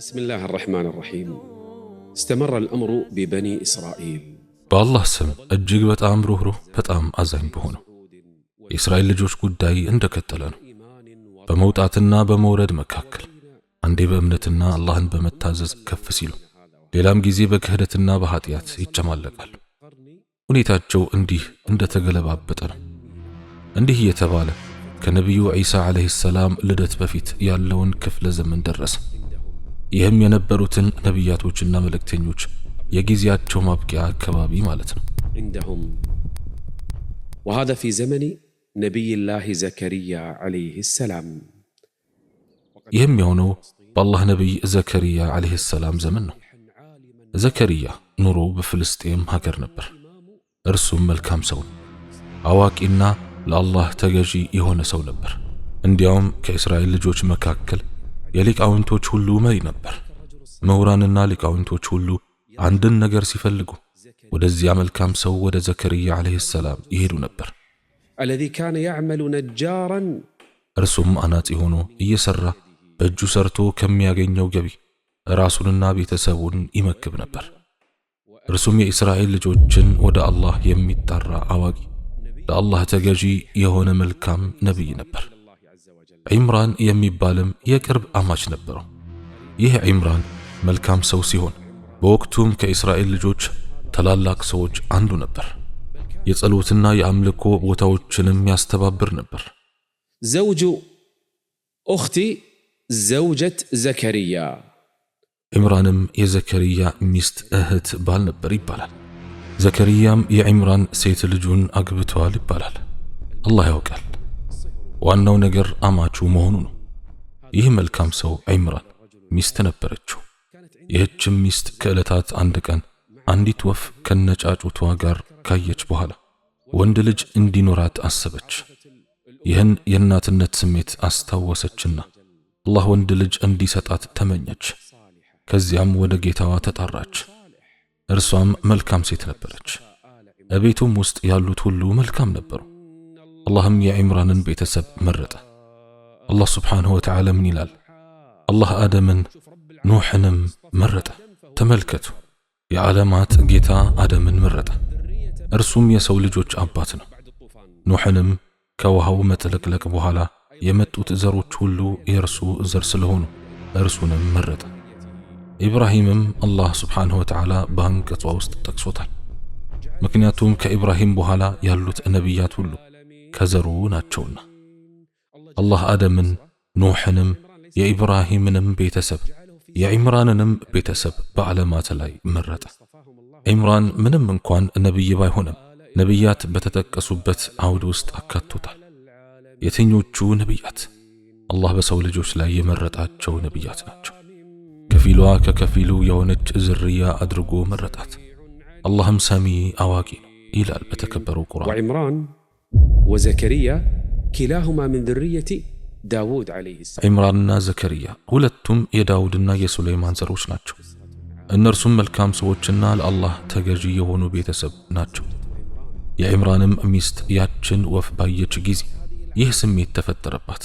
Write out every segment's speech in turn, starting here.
بسم الله الرحمن الرحيم استمر الأمر ببني إسرائيل በአላህ ስም እጅግ በጣም ሩህሩህ በጣም አዛኝ በሆነው የእስራኤል ልጆች ጉዳይ እንደቀጠለ ነው። በመውጣትና በመውረድ መካከል አንዴ በእምነትና አላህን በመታዘዝ ከፍ ሲሉ፣ ሌላም ጊዜ በክህደትና በኃጢአት ይጨማለቃሉ። ሁኔታቸው እንዲህ እንደተገለባበጠ ነው። እንዲህ እየተባለ ከነቢዩ ዒሳ ዓለይሂ ሰላም ልደት በፊት ያለውን ክፍለ ዘመን ደረሰ። ይህም የነበሩትን ነቢያቶችና መልእክተኞች የጊዜያቸው ማብቂያ አካባቢ ማለት ነው። عندهم وهذا في زمن نبي الله زكريا عليه ይህም የሆነው በአላህ ነቢይ ዘከርያ ዓለይህ ሰላም ዘመን ነው። ዘከርያ ኑሮ በፍልስጤም ሀገር ነበር። እርሱም መልካም ሰው ነው፣ አዋቂና ለአላህ ተገዢ የሆነ ሰው ነበር። እንዲያውም ከእስራኤል ልጆች መካከል የሊቃውንቶች ሁሉ መሪ ነበር። ምሁራንና ሊቃውንቶች ሁሉ አንድን ነገር ሲፈልጉ ወደዚያ መልካም ሰው ወደ ዘከርያ ዓለይሂ ሰላም ይሄዱ ነበር። አለዚ ካነ ያዕመሉ ነጃራን እርሱም አናጺ ሆኖ እየሰራ በእጁ ሰርቶ ከሚያገኘው ገቢ ራሱንና ቤተሰቡን ይመግብ ነበር። እርሱም የእስራኤል ልጆችን ወደ አላህ የሚጠራ አዋቂ፣ ለአላህ ተገዢ የሆነ መልካም ነቢይ ነበር። ዒምራን የሚባልም የቅርብ አማች ነበረው። ይህ ዒምራን መልካም ሰው ሲሆን በወቅቱም ከእስራኤል ልጆች ታላላቅ ሰዎች አንዱ ነበር። የጸሎትና የአምልኮ ቦታዎችንም ያስተባብር ነበር። ዘውጁ ኡኽቲ ዘውጀት ዘከርያ ዒምራንም የዘከርያ ሚስት እህት ባል ነበር ይባላል። ዘከርያም የዒምራን ሴት ልጁን አግብተዋል ይባላል። አላህ ያውቃል። ዋናው ነገር አማቹ መሆኑ ነው። ይህ መልካም ሰው ዒምራን ሚስት ነበረችው። ይህችም ሚስት ከዕለታት አንድ ቀን አንዲት ወፍ ከነጫጩቷ ጋር ካየች በኋላ ወንድ ልጅ እንዲኖራት አሰበች። ይህን የእናትነት ስሜት አስታወሰችና አላህ ወንድ ልጅ እንዲሰጣት ተመኘች። ከዚያም ወደ ጌታዋ ተጣራች። እርሷም መልካም ሴት ነበረች። እቤቱም ውስጥ ያሉት ሁሉ መልካም ነበሩ። አላህም የዕምራንን ቤተሰብ መረጠ። አላህ ስብሓንሁ ወተዓላ ምን ይላል? አላህ አደምን ኑሕንም መረጠ። ተመልከቱ፣ የዓለማት ጌታ አደምን መረጠ። እርሱም የሰው ልጆች አባት ነው። ኑሕንም ከውሃው መጥለቅለቅ በኋላ የመጡት ዘሮች ሁሉ የእርሱ ዘር ስለሆኑ እርሱንም መረጠ። ኢብራሂምም አላህ ስብሓንሁ ወተዓላ በአንቀጿ ውስጥ ጠቅሶታል። ምክንያቱም ከኢብራሂም በኋላ ያሉት ነቢያት ሁሉ ከዘሩ ናቸውና አላህ አደምን፣ ኖሕንም፣ የኢብራሂምንም ቤተሰብ የዒምራንንም ቤተሰብ በዓለማት ላይ መረጠ። ዒምራን ምንም እንኳን ነቢይ ባይሆንም ነቢያት በተጠቀሱበት አውድ ውስጥ አካቶታል። የትኞቹ ነቢያት? አላህ በሰው ልጆች ላይ የመረጣቸው ነቢያት ናቸው። ከፊሏ ከከፊሉ የሆነች ዝርያ አድርጎ መረጣት። አላህም ሰሚ አዋቂ ነው ይላል በተከበረው ቁርአን። ወዘከርያ ኪላሁማ ምን ዝርየቲ ዳውድ ዓለይሂ ሰላም። ዒምራንና ዘከርያ ሁለቱም የዳውድና የሱለይማን ዘሮች ናቸው። እነርሱም መልካም ሰዎችና ለአላህ ተገዢ የሆኑ ቤተሰብ ናቸው። የዒምራንም ሚስት ያችን ወፍ ባየች ጊዜ ይህ ስሜት ተፈጠረባት።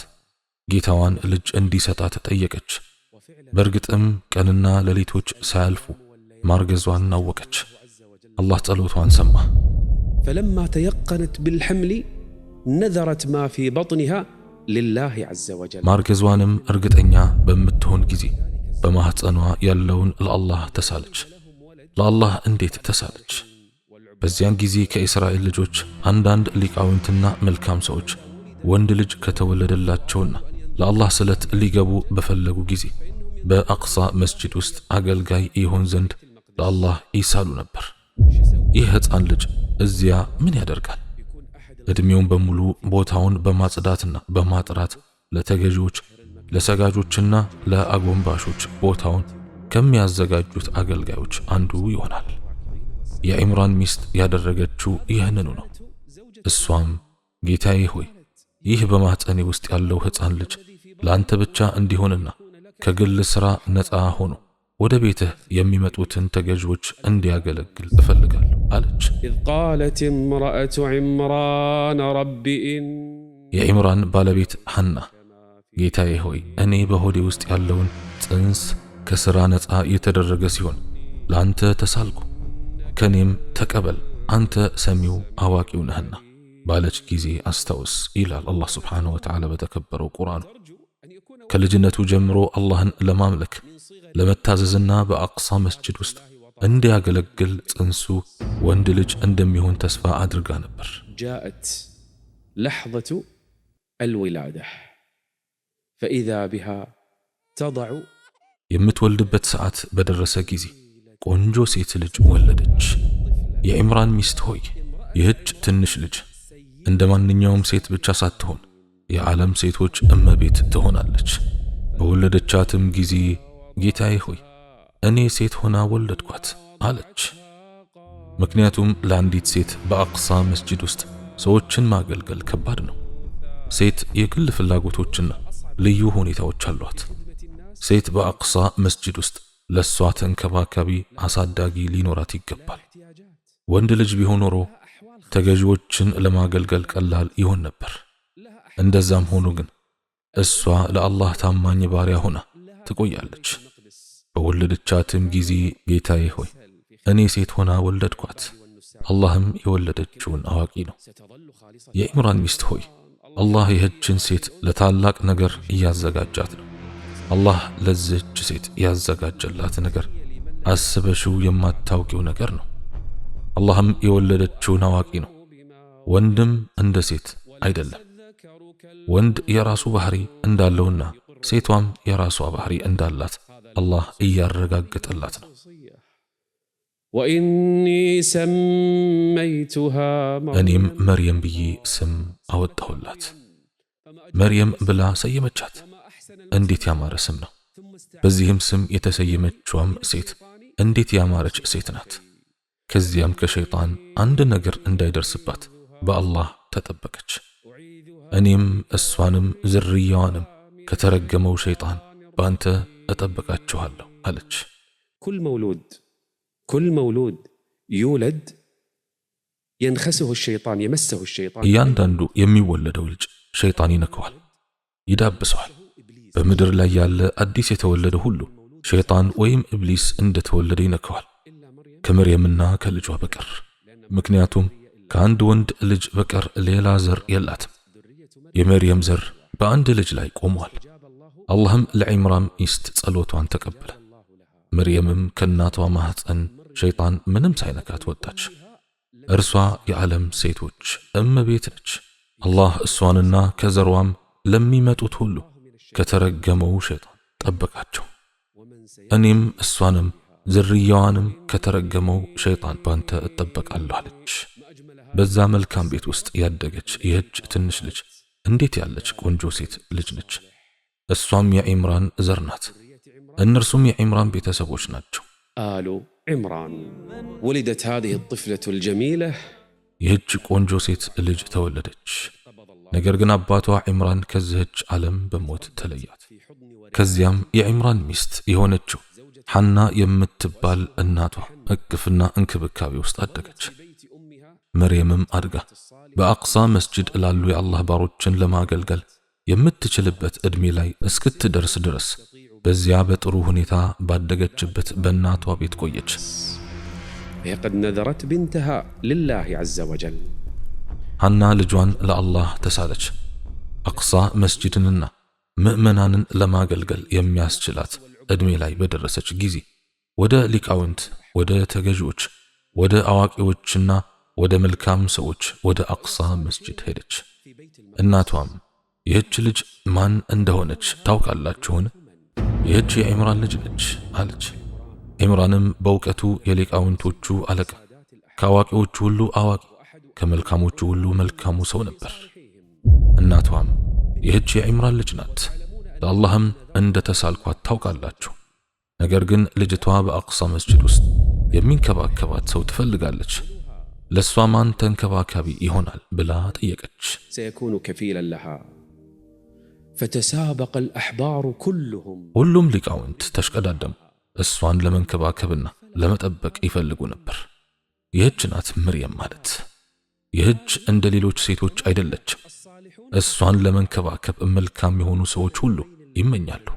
ጌታዋን ልጅ እንዲሰጣት ጠየቀች። በእርግጥም ቀንና ሌሊቶች ሳያልፉ ማርገዟን አወቀች። አላህ ጸሎቷን ሰማ። فلما تيقنت بالحمل ነዘረት ማ ፊ በጥኒሃ ልላህ ዐዘ ወጀል ማርገዟንም እርግጠኛ በምትሆን ጊዜ በማኅፀኗ ያለውን ለአላህ ተሳለች። ለአላህ እንዴት ተሳለች? በዚያን ጊዜ ከእስራኤል ልጆች አንዳንድ ሊቃውንትና መልካም ሰዎች ወንድ ልጅ ከተወለደላቸውና ለአላህ ስለት ሊገቡ በፈለጉ ጊዜ በአቅሳ መስጂድ ውስጥ አገልጋይ ይሆን ዘንድ ለአላህ ይሳሉ ነበር። ይህ ሕፃን ልጅ እዚያ ምን ያደርጋል? እድሜውን በሙሉ ቦታውን በማጽዳትና በማጥራት ለተገዢዎች፣ ለሰጋጆችና ለአጎንባሾች ቦታውን ከሚያዘጋጁት አገልጋዮች አንዱ ይሆናል። የኢምራን ሚስት ያደረገችው ይህንኑ ነው። እሷም ጌታዬ ሆይ ይህ በማኅፀኔ ውስጥ ያለው ሕፃን ልጅ ለአንተ ብቻ እንዲሆንና ከግል ሥራ ነፃ ሆኖ ወደ ቤትህ የሚመጡትን ተገዢዎች እንዲያገለግል እፈልጋለሁ አለች። ኢዝ ቃለት እምረአቱ ዕምራን ረቢ የዕምራን ባለቤት ሐና ጌታዬ ሆይ እኔ በሆዴ ውስጥ ያለውን ጽንስ ከሥራ ነፃ የተደረገ ሲሆን ለአንተ ተሳልኩ፣ ከኔም ተቀበል፣ አንተ ሰሚው አዋቂው ነህና ባለች ጊዜ አስታውስ ይላል አላህ ስብሓንሁ ወተዓላ በተከበረው ቁርአኑ። ከልጅነቱ ጀምሮ አላህን ለማምለክ ለመታዘዝና በአቅሳ መስጅድ ውስጥ እንዲያገለግል ጽንሱ ወንድ ልጅ እንደሚሆን ተስፋ አድርጋ ነበር። ጃአት ለሕظቱ አልውላዳ ፈኢዛ ቢሃ ተضዑ የምትወልድበት ሰዓት በደረሰ ጊዜ ቆንጆ ሴት ልጅ ወለደች። የዕምራን ሚስት ሆይ ይህች ትንሽ ልጅ እንደ ማንኛውም ሴት ብቻ ሳትሆን የዓለም ሴቶች እመቤት ትሆናለች። በወለደቻትም ጊዜ ጌታዬ ሆይ እኔ ሴት ሆና ወለድኳት አለች። ምክንያቱም ለአንዲት ሴት በአቅሳ መስጂድ ውስጥ ሰዎችን ማገልገል ከባድ ነው። ሴት የግል ፍላጎቶችና ልዩ ሁኔታዎች አሏት። ሴት በአቅሳ መስጂድ ውስጥ ለእሷ ተንከባካቢ አሳዳጊ ሊኖራት ይገባል። ወንድ ልጅ ቢሆን ኖሮ ተገዢዎችን ለማገልገል ቀላል ይሆን ነበር። እንደዛም ሆኖ ግን እሷ ለአላህ ታማኝ ባሪያ ሆና ትቆያለች። በወለደቻትም ጊዜ ጌታዬ ሆይ እኔ ሴት ሆና ወለድኳት፣ አላህም የወለደችውን አዋቂ ነው። የኢምራን ሚስት ሆይ አላህ ይህችን ሴት ለታላቅ ነገር እያዘጋጃት ነው። አላህ ለዚህች ሴት ያዘጋጀላት ነገር አስበሽው የማታውቂው ነገር ነው። አላህም የወለደችውን አዋቂ ነው። ወንድም እንደ ሴት አይደለም። ወንድ የራሱ ባህሪ እንዳለውና ሴቷም የራሷ ባህሪ እንዳላት አላህ እያረጋገጠላት ነው። እኔም መርየም ብዬ ስም አወጣሁላት። መርየም ብላ ሰየመቻት። እንዴት ያማረ ስም ነው! በዚህም ስም የተሰየመችዋም ሴት እንዴት ያማረች ሴት ናት! ከዚያም ከሸይጣን አንድ ነገር እንዳይደርስባት በአላህ ተጠበቀች። እኔም እሷንም ዝርያዋንም ከተረገመው ሸይጣን በአንተ እጠብቃችኋለሁ አለች። ኩል መውሉድ ኩል መውሉድ ዩለድ የንኸስሁ ሸይጣን የመሰሁ ሸይጣን እያንዳንዱ የሚወለደው ልጅ ሸይጣን ይነከዋል፣ ይዳብሰዋል። በምድር ላይ ያለ አዲስ የተወለደ ሁሉ ሸይጣን ወይም ኢብሊስ እንደተወለደ ይነከዋል ከመርየምና ከልጇ በቀር። ምክንያቱም ከአንድ ወንድ ልጅ በቀር ሌላ ዘር የላትም። የመርየም ዘር በአንድ ልጅ ላይ ቆሟል። አላህም ለዒምራም ሚስት ጸሎቷን ተቀበለ። መርየምም ከእናቷ ማኅፀን ሸይጣን ምንም ሳይነካት ወጣች። እርሷ የዓለም ሴቶች እመቤት ነች። አላህ እሷንና ከዘሯም ለሚመጡት ሁሉ ከተረገመው ሸይጣን ጠበቃቸው። እኔም እሷንም ዝርያዋንም ከተረገመው ሸይጣን ባንተ እጠበቃለሁ አለች። በዛ መልካም ቤት ውስጥ ያደገች ይህች ትንሽ ልጅ እንዴት ያለች ቆንጆ ሴት ልጅ ነች! እሷም የዒምራን ዘር ናት። እነርሱም የዒምራን ቤተሰቦች ናቸው። አሉ ዒምራን ወሊደት ሃዚህ ጥፍለቱ ልጀሚላ ይህች ቆንጆ ሴት ልጅ ተወለደች። ነገር ግን አባቷ ዒምራን ከዚህች ዓለም በሞት ተለያት። ከዚያም የዒምራን ሚስት የሆነችው ሐና የምትባል እናቷ እቅፍና እንክብካቤ ውስጥ አደገች። መርየምም አድጋ በአቅሳ መስጅድ ላሉ የአላህ ባሮችን ለማገልገል የምትችልበት ዕድሜ ላይ እስክትደርስ ድረስ በዚያ በጥሩ ሁኔታ ባደገችበት በእናቷ ቤት ቆየች። ቀድ ነዘረት ብንትሃ ልላህ ዐዘ ወጀል ሐና ልጇን ለአላህ ተሳለች። አቅሳ መስጂድንና ምዕመናንን ለማገልገል የሚያስችላት ዕድሜ ላይ በደረሰች ጊዜ ወደ ሊቃውንት፣ ወደ ተገዢዎች፣ ወደ አዋቂዎችና ወደ መልካም ሰዎች ወደ አቅሳ መስጂድ ሄደች። እናቷም ይህች ልጅ ማን እንደሆነች ታውቃላችሁን? ይህች የዕምራን ልጅ ነች አለች። ዕምራንም በእውቀቱ የሊቃውንቶቹ አለቃ፣ ከአዋቂዎቹ ሁሉ አዋቂ፣ ከመልካሞቹ ሁሉ መልካሙ ሰው ነበር። እናቷም ይህች የዕምራን ልጅ ናት፣ ለአላህም እንደ ተሳልኳት ታውቃላችሁ። ነገር ግን ልጅቷ በአቅሳ መስጅድ ውስጥ የሚንከባከባት ሰው ትፈልጋለች ለእሷ ማን ተንከባካቢ ይሆናል ብላ ጠየቀች። ሰየኩኑ ከፊለን ለሃ ፈተሳበቀ አልአሕባሩ ኩሉሁም ሁሉም ሊቃውንት ተሽቀዳደሙ። እሷን ለመንከባከብና ለመጠበቅ ይፈልጉ ነበር። ይህች ናት ምርየም ማለት። ይህች እንደ ሌሎች ሴቶች አይደለችም። እሷን ለመንከባከብ መልካም የሆኑ ሰዎች ሁሉ ይመኛሉ።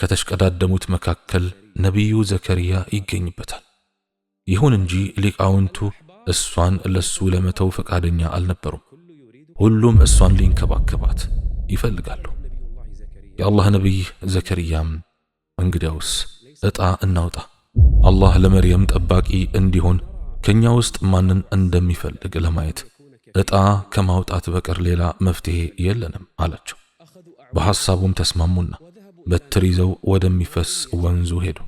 ከተሽቀዳደሙት መካከል ነቢዩ ዘከርያ ይገኝበታል። ይሁን እንጂ ሊቃውንቱ እሷን ለሱ ለመተው ፈቃደኛ አልነበሩም። ሁሉም እሷን ሊንከባከባት ይፈልጋሉ። የአላህ ነቢይ ዘከርያም እንግዲያውስ ዕጣ እናውጣ፣ አላህ ለመርየም ጠባቂ እንዲሆን ከእኛ ውስጥ ማንን እንደሚፈልግ ለማየት ዕጣ ከማውጣት በቀር ሌላ መፍትሔ የለንም አላቸው። በሐሳቡም ተስማሙና በትር ይዘው ወደሚፈስ ወንዙ ሄዱ።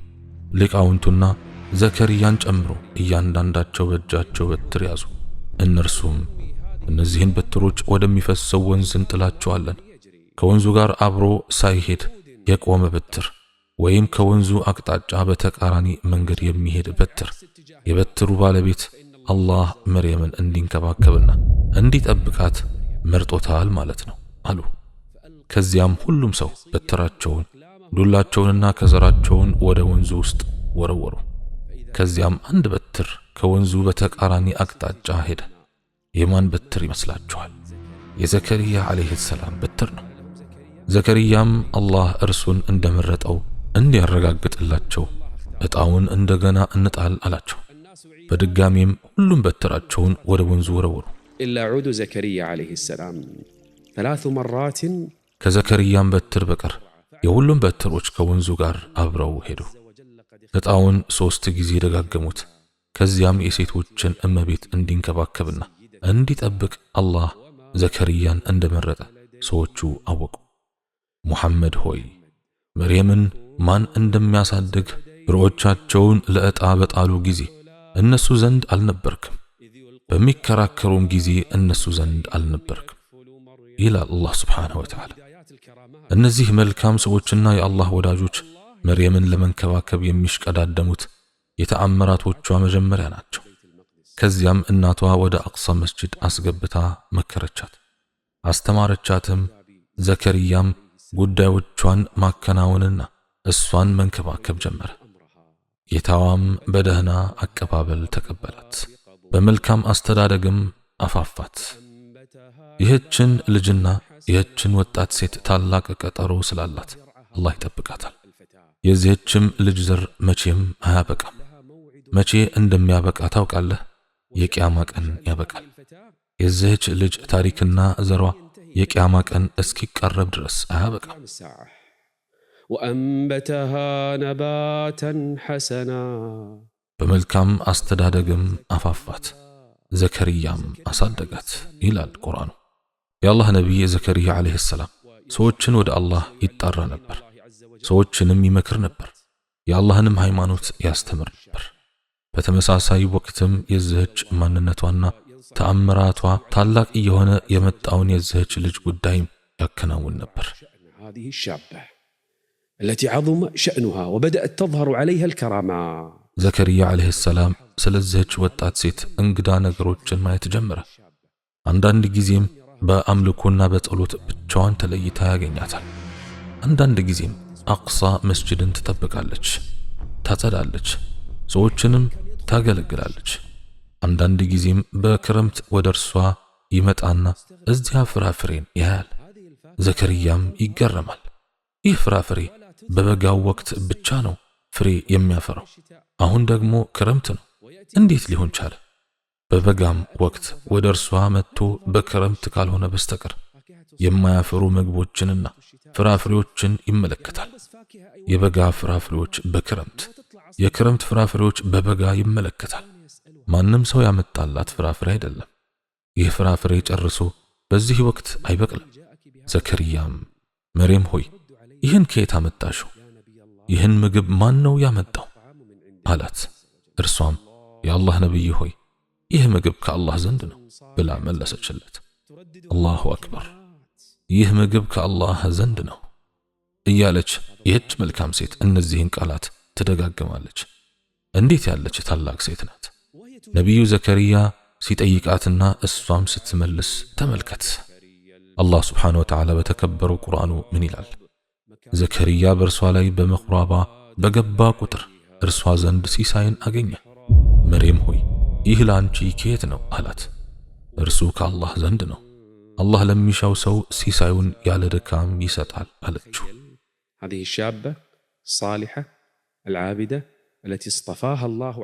ሊቃውንቱና ዘከርያን ጨምሮ እያንዳንዳቸው በእጃቸው በትር ያዙ። እነርሱም እነዚህን በትሮች ወደሚፈሰው ወንዝ እንጥላቸዋለን ከወንዙ ጋር አብሮ ሳይሄድ የቆመ በትር ወይም ከወንዙ አቅጣጫ በተቃራኒ መንገድ የሚሄድ በትር የበትሩ ባለቤት አላህ መርየምን እንዲንከባከብና እንዲጠብቃት መርጦታል ማለት ነው አሉ። ከዚያም ሁሉም ሰው በትራቸውን፣ ዱላቸውንና ከዘራቸውን ወደ ወንዙ ውስጥ ወረወሩ። ከዚያም አንድ በትር ከወንዙ በተቃራኒ አቅጣጫ ሄደ። የማን በትር ይመስላችኋል? የዘከሪያ ዓለይህ ሰላም በትር ነው። ዘከርያም አላህ እርሱን እንደመረጠው እንዲያረጋግጥላቸው ዕጣውን እንደገና እንጣል አላቸው። በድጋሚም ሁሉም በትራቸውን ወደ ወንዙ ወረወሩ። ኢላ ዑዱ ዘከርያ ዓለይሂ ሰላም መራትን ከዘከርያም በትር በቀር የሁሉም በትሮች ከወንዙ ጋር አብረው ሄዱ። ዕጣውን ሦስት ጊዜ ደጋገሙት። ከዚያም የሴቶችን እመቤት እንዲንከባከብና እንዲጠብቅ አላህ ዘከርያን እንደመረጠ ሰዎቹ አወቁ። ሙሐመድ ሆይ መርየምን ማን እንደሚያሳድግ ርዖቻቸውን ለዕጣ በጣሉ ጊዜ እነሱ ዘንድ አልነበርክም፣ በሚከራከሩም ጊዜ እነሱ ዘንድ አልነበርክም ይላል አላህ ስብሓንሁ ወተዓላ። እነዚህ መልካም ሰዎችና የአላህ ወዳጆች መርየምን ለመንከባከብ የሚሽቀዳደሙት የተአምራቶቿ መጀመሪያ ናቸው። ከዚያም እናቷ ወደ አቅሳ መስጅድ አስገብታ መከረቻት፣ አስተማረቻትም። ዘከርያም ጉዳዮቿን ማከናወንና እሷን መንከባከብ ጀመረ። ጌታዋም በደህና አቀባበል ተቀበላት፣ በመልካም አስተዳደግም አፋፋት። ይህችን ልጅና ይህችን ወጣት ሴት ታላቅ ቀጠሮ ስላላት አላህ ይጠብቃታል። የዚህችም ልጅ ዘር መቼም አያበቃም። መቼ እንደሚያበቃ ታውቃለህ? የቅያማ ቀን ያበቃል። የዚህች ልጅ ታሪክና ዘሯ የቅያማ ቀን እስኪቀረብ ድረስ አያበቃም። ወአንበተሃ ነባተን ሐሰና በመልካም አስተዳደግም አፋፋት፣ ዘከርያም አሳደጋት ይላል ቁርአኑ። የአላህ ነቢይ ዘከርያ ዓለይሂ ሰላም ሰዎችን ወደ አላህ ይጣራ ነበር፣ ሰዎችንም ይመክር ነበር፣ የአላህንም ሃይማኖት ያስተምር ነበር። በተመሳሳይ ወቅትም የዚህች ማንነቷና ተአምራቷ ታላቅ እየሆነ የመጣውን የዚህች ልጅ ጉዳይም ያከናውን ነበር። ዘከርያ عليه السلام ስለዚህች ወጣት ሴት እንግዳ ነገሮችን ማየት ጀመረ። አንዳንድ ጊዜም በአምልኮና በጸሎት ብቻዋን ተለይታ ያገኛታል። አንዳንድ ጊዜም አቅሳ መስጅድን ትጠብቃለች፣ ታጸዳለች፣ ሰዎችንም ታገለግላለች። አንዳንድ ጊዜም በክረምት ወደ እርሷ ይመጣና እዚያ ፍራፍሬን ያያል። ዘከርያም ይገረማል። ይህ ፍራፍሬ በበጋው ወቅት ብቻ ነው ፍሬ የሚያፈራው፣ አሁን ደግሞ ክረምት ነው። እንዴት ሊሆን ቻለ? በበጋም ወቅት ወደ እርሷ መጥቶ በክረምት ካልሆነ በስተቀር የማያፈሩ ምግቦችንና ፍራፍሬዎችን ይመለከታል። የበጋ ፍራፍሬዎች በክረምት የክረምት ፍራፍሬዎች በበጋ ይመለከታል። ማንም ሰው ያመጣላት ፍራፍሬ አይደለም። ይህ ፍራፍሬ ጨርሶ በዚህ ወቅት አይበቅልም። ዘከርያም መሬም ሆይ ይህን ከየት አመጣሽው? ይህን ምግብ ማን ነው ያመጣው? አላት። እርሷም የአላህ ነቢይ ሆይ ይህ ምግብ ከአላህ ዘንድ ነው ብላ መለሰችለት። አላሁ አክበር፣ ይህ ምግብ ከአላህ ዘንድ ነው እያለች ይህች መልካም ሴት እነዚህን ቃላት ትደጋግማለች። እንዴት ያለች ታላቅ ሴት ናት! ነቢዩ ዘከርያ ሲጠይቃትና እሷም ስትመልስ ተመልከት። አላህ ስብሓን ወተዓላ በተከበረው ቁርአኑ ምን ይላል? ዘከርያ በእርሷ ላይ በመኩራባ በገባ ቁጥር እርሷ ዘንድ ሲሳይን አገኘ። መሬም ሆይ ይህ ለአንቺ ከየት ነው አላት። እርሱ ከአላህ ዘንድ ነው። አላህ ለሚሻው ሰው ሲሳዩን ያለ ድካም ይሰጣል አለችው።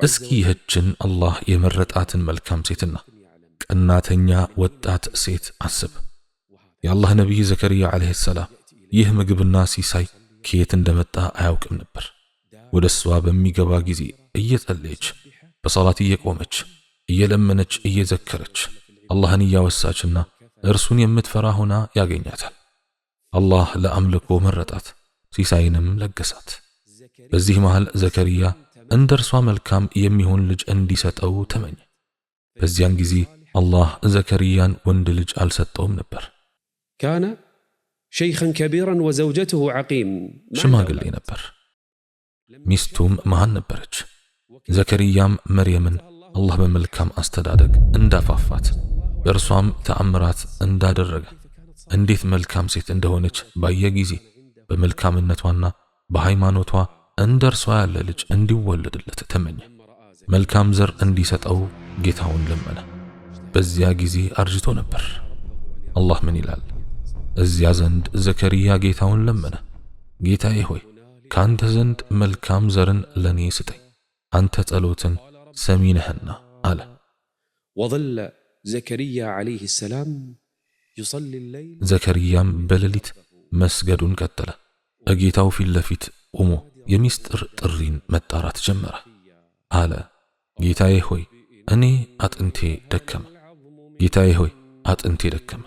እስኪ ይህችን አላህ የመረጣትን መልካም ሴትና ቀናተኛ ወጣት ሴት አስብ። የአላህ ነቢይ ዘከርያ ዓለይሂ ሰላም ይህ ምግብና ሲሳይ ከየት እንደመጣ አያውቅም ነበር። ወደ እሷ በሚገባ ጊዜ እየጸለየች በሰላት እየቆመች እየለመነች እየዘከረች አላህን እያወሳችና እርሱን የምትፈራ ሆና ያገኛታል። አላህ ለአምልኮ መረጣት፣ ሲሳይንም ለገሳት። በዚህ መሃል ዘከርያ እንደ እርሷ መልካም የሚሆን ልጅ እንዲሰጠው ተመኘ። በዚያን ጊዜ አላህ ዘከርያን ወንድ ልጅ አልሰጠውም ነበር። ካነ ሸይኸን ከቢራን ወዘውጀትሁ ዐቂም፣ ሽማግሌ ነበር፣ ሚስቱም መሃን ነበረች። ዘከርያም መርየምን አላህ በመልካም አስተዳደግ እንዳፋፋት በእርሷም ተአምራት እንዳደረገ እንዴት መልካም ሴት እንደሆነች ባየ ጊዜ በመልካምነቷና በሃይማኖቷ እንደ እርሷ ያለ ልጅ እንዲወለድለት ተመኘ። መልካም ዘር እንዲሰጠው ጌታውን ለመነ። በዚያ ጊዜ አርጅቶ ነበር። አላህ ምን ይላል? እዚያ ዘንድ ዘከርያ ጌታውን ለመነ። ጌታዬ ሆይ ካንተ ዘንድ መልካም ዘርን ለኔ ስጠኝ፣ አንተ ጸሎትን ሰሚ ነህና አለ። ወዘለ ዘከርያ አለይሂ ሰላም ይصلي ዘከርያም በሌሊት መስገዱን ቀጠለ። በጌታው ፊት ለፊት ቆሞ የሚስጥር ጥሪን መጣራት ጀመረ። አለ ጌታዬ ሆይ እኔ አጥንቴ ደከመ። ጌታዬ ሆይ አጥንቴ ደከመ፣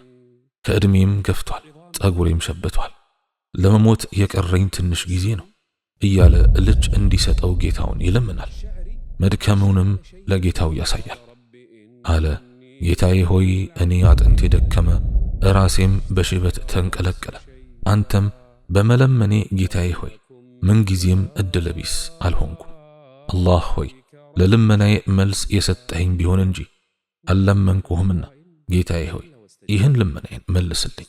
ከዕድሜም ገፍቷል፣ ጠጉሬም ሸብቷል፣ ለመሞት የቀረኝ ትንሽ ጊዜ ነው እያለ ልጅ እንዲሰጠው ጌታውን ይለምናል። መድከሙንም ለጌታው ያሳያል። አለ ጌታዬ ሆይ እኔ አጥንቴ ደከመ፣ ራሴም በሽበት ተንቀለቀለ። አንተም በመለመኔ ጌታዬ ሆይ ምንጊዜም እድለ ቢስ አልሆንኩም። አላህ ሆይ ለልመናዬ መልስ የሰጠኸኝ ቢሆን እንጂ አልለመንኩህምና፣ ጌታዬ ሆይ ይህን ልመናዬን መልስልኝ።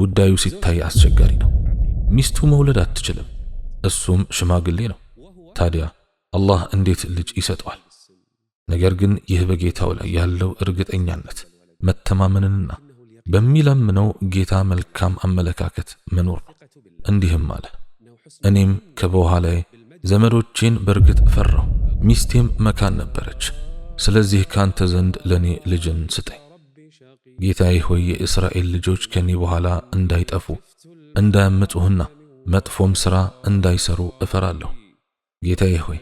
ጉዳዩ ሲታይ አስቸጋሪ ነው። ሚስቱ መውለድ አትችልም፣ እሱም ሽማግሌ ነው። ታዲያ አላህ እንዴት ልጅ ይሰጠዋል? ነገር ግን ይህ በጌታው ላይ ያለው እርግጠኛነት መተማመንንና በሚለምነው ጌታ መልካም አመለካከት መኖር ነው። እንዲህም አለ፣ እኔም ከበኋላዬ ዘመዶቼን በእርግጥ ፈራሁ፣ ሚስቴም መካን ነበረች። ስለዚህ ካንተ ዘንድ ለእኔ ልጅን ስጠኝ። ጌታዬ ሆይ የእስራኤል ልጆች ከኔ በኋላ እንዳይጠፉ እንዳያምፁህና መጥፎም ሥራ እንዳይሰሩ እፈራለሁ። ጌታዬ ሆይ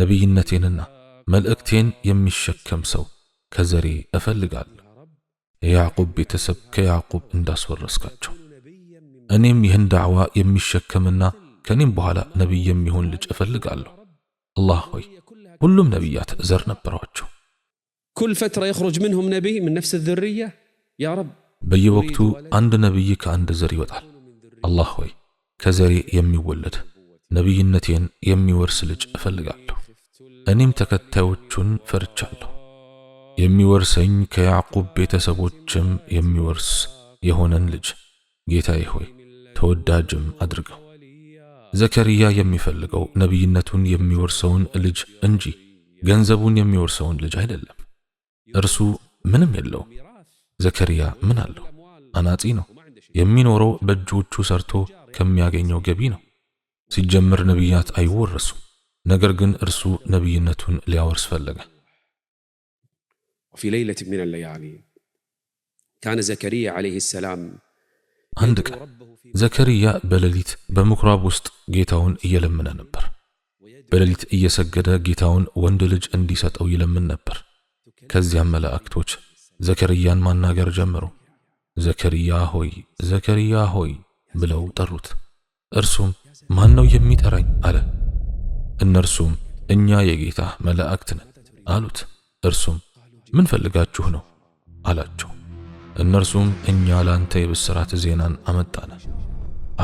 ነቢይነቴንና መልእክቴን የሚሸከም ሰው ከዘሬ እፈልጋለሁ። የያዕቁብ ቤተሰብ ከያዕቁብ እንዳስወረስካቸው እኔም ይህን ዳዕዋ የሚሸከምና ከኔም በኋላ ነቢይ የሚሆን ልጅ እፈልጋለሁ። አላህ ሆይ ሁሉም ነቢያት ዘር ነበሯቸው። ኩል ፈትራ የኽሩጅ ምንሁም ነቢይ ምን ነፍስ ዝርያ ያ ረብ፣ በየወቅቱ አንድ ነቢይ ከአንድ ዘር ይወጣል። አላህ ሆይ ከዘሬ የሚወለድ ነቢይነቴን የሚወርስ ልጅ እፈልጋለሁ። እኔም ተከታዮቹን ፈርቻለሁ። የሚወርሰኝ ከያዕቁብ ቤተሰቦችም የሚወርስ የሆነን ልጅ ጌታዬ ሆይ ተወዳጅም አድርገው። ዘከርያ የሚፈልገው ነቢይነቱን የሚወርሰውን ልጅ እንጂ ገንዘቡን የሚወርሰውን ልጅ አይደለም። እርሱ ምንም የለው። ዘከርያ ምን አለው? አናጺ ነው። የሚኖረው በእጆቹ ሰርቶ ከሚያገኘው ገቢ ነው። ሲጀምር ነቢያት አይወረሱም። ነገር ግን እርሱ ነቢይነቱን ሊያወርስ ፈለገ። في ليلة من الليالي كان زكريا عليه السلام አንድ ቀን ዘከርያ በሌሊት በምኩራብ ውስጥ ጌታውን እየለመነ ነበር። በሌሊት እየሰገደ ጌታውን ወንድ ልጅ እንዲሰጠው ይለምን ነበር። ከዚያም መላእክቶች ዘከርያን ማናገር ጀመሩ። ዘከርያ ሆይ ዘከርያ ሆይ ብለው ጠሩት። እርሱም ማን ነው የሚጠራኝ አለ። እነርሱም እኛ የጌታ መላእክት ነን አሉት። እርሱም ምን ፈልጋችሁ ነው አላቸው። እነርሱም እኛ ላንተ የብስራት ዜናን አመጣነ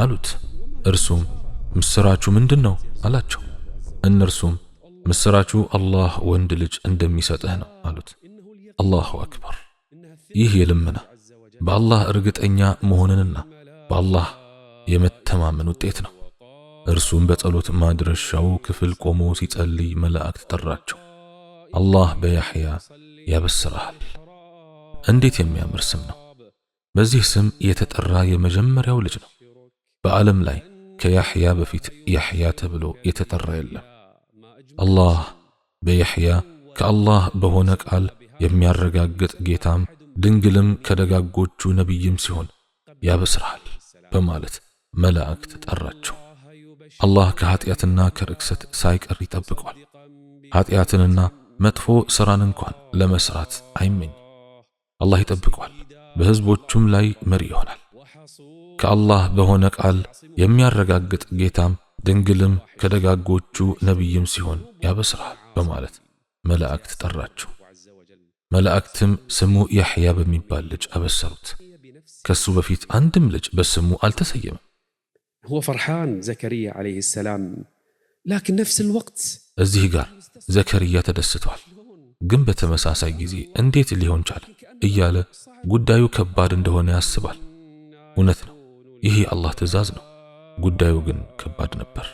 አሉት። እርሱም ምስራቹ ምንድን ነው አላቸው። እነርሱም ምስራቹ አላህ ወንድ ልጅ እንደሚሰጥህ ነው አሉት። አላሁ አክበር! ይህ የልመና በአላህ እርግጠኛ መሆንንና በአላህ የመተማመን ውጤት ነው። እርሱም በጸሎት ማድረሻው ክፍል ቆሞ ሲጸልይ መላእክት ጠራቸው። አላህ በያሕያ ያበስርሃል። እንዴት የሚያምር ስም ነው! በዚህ ስም የተጠራ የመጀመሪያው ልጅ ነው። በዓለም ላይ ከያሕያ በፊት ያሕያ ተብሎ የተጠራ የለም። አላህ በያሕያ ከአላህ በሆነ ቃል የሚያረጋግጥ ጌታም ድንግልም ከደጋጎቹ ነቢይም ሲሆን ያበስርሃል በማለት መላእክት ጠራቸው። አላህ ከኀጢአትና ከርክሰት ሳይቀር ይጠብቋል። ኀጢአትንና መጥፎ ስራን እንኳን ለመስራት አይመኝም። አላህ ይጠብቀዋል፣ በህዝቦቹም ላይ መሪ ይሆናል። ከአላህ በሆነ ቃል የሚያረጋግጥ ጌታም ድንግልም ከደጋጎቹ ነቢይም ሲሆን ያበስራል በማለት መላእክት ጠራቸው። መላእክትም ስሙ ያሕያ በሚባል ልጅ አበሰሩት። ከሱ በፊት አንድም ልጅ በስሙ አልተሰየመም። هو فرحان زكريا عليه السلام لكن نفس الوقت እዚህ ጋር ዘከርያ ተደስቷል። ግን በተመሳሳይ ጊዜ እንዴት ሊሆን ቻለ እያለ ጉዳዩ ከባድ እንደሆነ ያስባል። እውነት ነው፣ ይህ የአላህ ትዕዛዝ ነው። ጉዳዩ ግን ከባድ ነበር።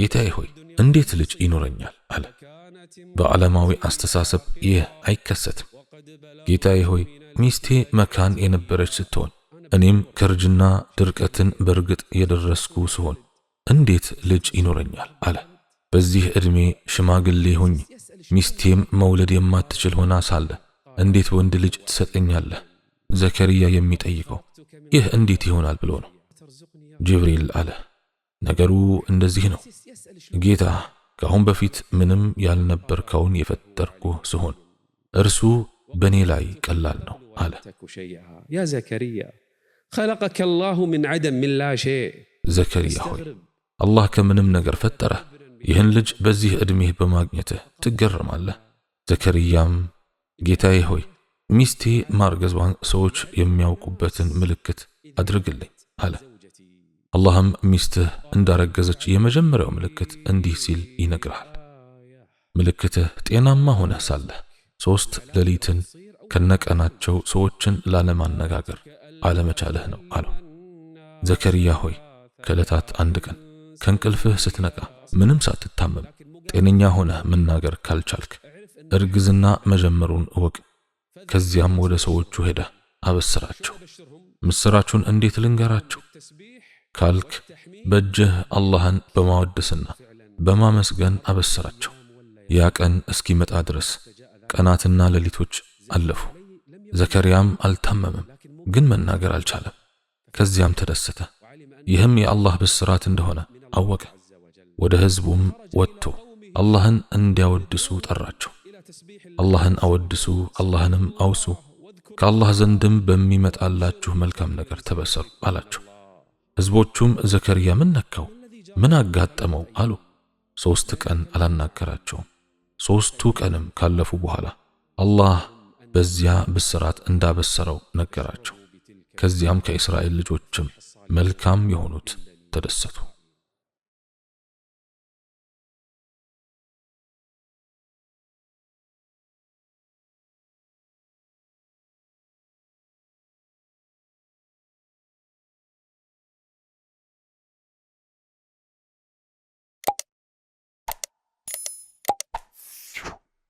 ጌታዬ ሆይ እንዴት ልጅ ይኖረኛል አለ። በዓለማዊ አስተሳሰብ ይህ አይከሰትም። ጌታዬ ሆይ ሚስቴ መካን የነበረች ስትሆን እኔም ከርጅና ድርቀትን በእርግጥ የደረስኩ ስሆን እንዴት ልጅ ይኖረኛል አለ። በዚህ ዕድሜ ሽማግሌ ሆኝ ሚስቴም መውለድ የማትችል ሆና ሳለ እንዴት ወንድ ልጅ ትሰጠኛለህ? ዘከርያ የሚጠይቀው ይህ እንዴት ይሆናል ብሎ ነው። ጅብሪል አለ፣ ነገሩ እንደዚህ ነው ጌታ፣ ከአሁን በፊት ምንም ያልነበርከውን የፈጠርኩህ ስሆን እርሱ በእኔ ላይ ቀላል ነው አለ። ያ ዘከርያ ኸለቀከ አላሁ ሚን ዐደም ሚን ላ ሸይ፣ ዘከርያ ሆይ አላህ ከምንም ነገር ፈጠረህ ይህን ልጅ በዚህ ዕድሜህ በማግኘትህ ትገረማለህ። ዘከርያም ጌታዬ ሆይ ሚስቴ ማርገዝዋን ሰዎች የሚያውቁበትን ምልክት አድርግልኝ አለ። አላህም ሚስትህ እንዳረገዘች የመጀመሪያው ምልክት እንዲህ ሲል ይነግርሃል። ምልክትህ ጤናማ ሆነህ ሳለህ ሦስት ሌሊትን ከነቀናቸው ሰዎችን ላለማነጋገር አለመቻለህ ነው አለው። ዘከርያ ሆይ ከዕለታት አንድ ቀን ከእንቅልፍህ ስትነቃ ምንም ሳትታመም ጤነኛ ሆነህ መናገር ካልቻልክ እርግዝና መጀመሩን እወቅ። ከዚያም ወደ ሰዎቹ ሄደ አበስራቸው። ምስራቹን እንዴት ልንገራቸው ካልክ በእጅህ አላህን በማወደስና በማመስገን አበስራቸው። ያ ቀን እስኪመጣ ድረስ ቀናትና ሌሊቶች አለፉ። ዘከርያም አልታመመም፣ ግን መናገር አልቻለም። ከዚያም ተደሰተ። ይህም የአላህ ብስራት እንደሆነ አወቀ። ወደ ህዝቡም ወጥቶ አላህን እንዲያወድሱ ጠራቸው። አላህን አወድሱ፣ አላህንም አውሱ፣ ከአላህ ዘንድም በሚመጣላችሁ መልካም ነገር ተበሰሩ አላቸው። ህዝቦቹም ዘከርያ ምን ነካው? ምን አጋጠመው? አሉ። ሦስት ቀን አላናገራቸውም። ሦስቱ ቀንም ካለፉ በኋላ አላህ በዚያ ብስራት እንዳበሰረው ነገራቸው። ከዚያም ከእስራኤል ልጆችም መልካም የሆኑት ተደሰቱ።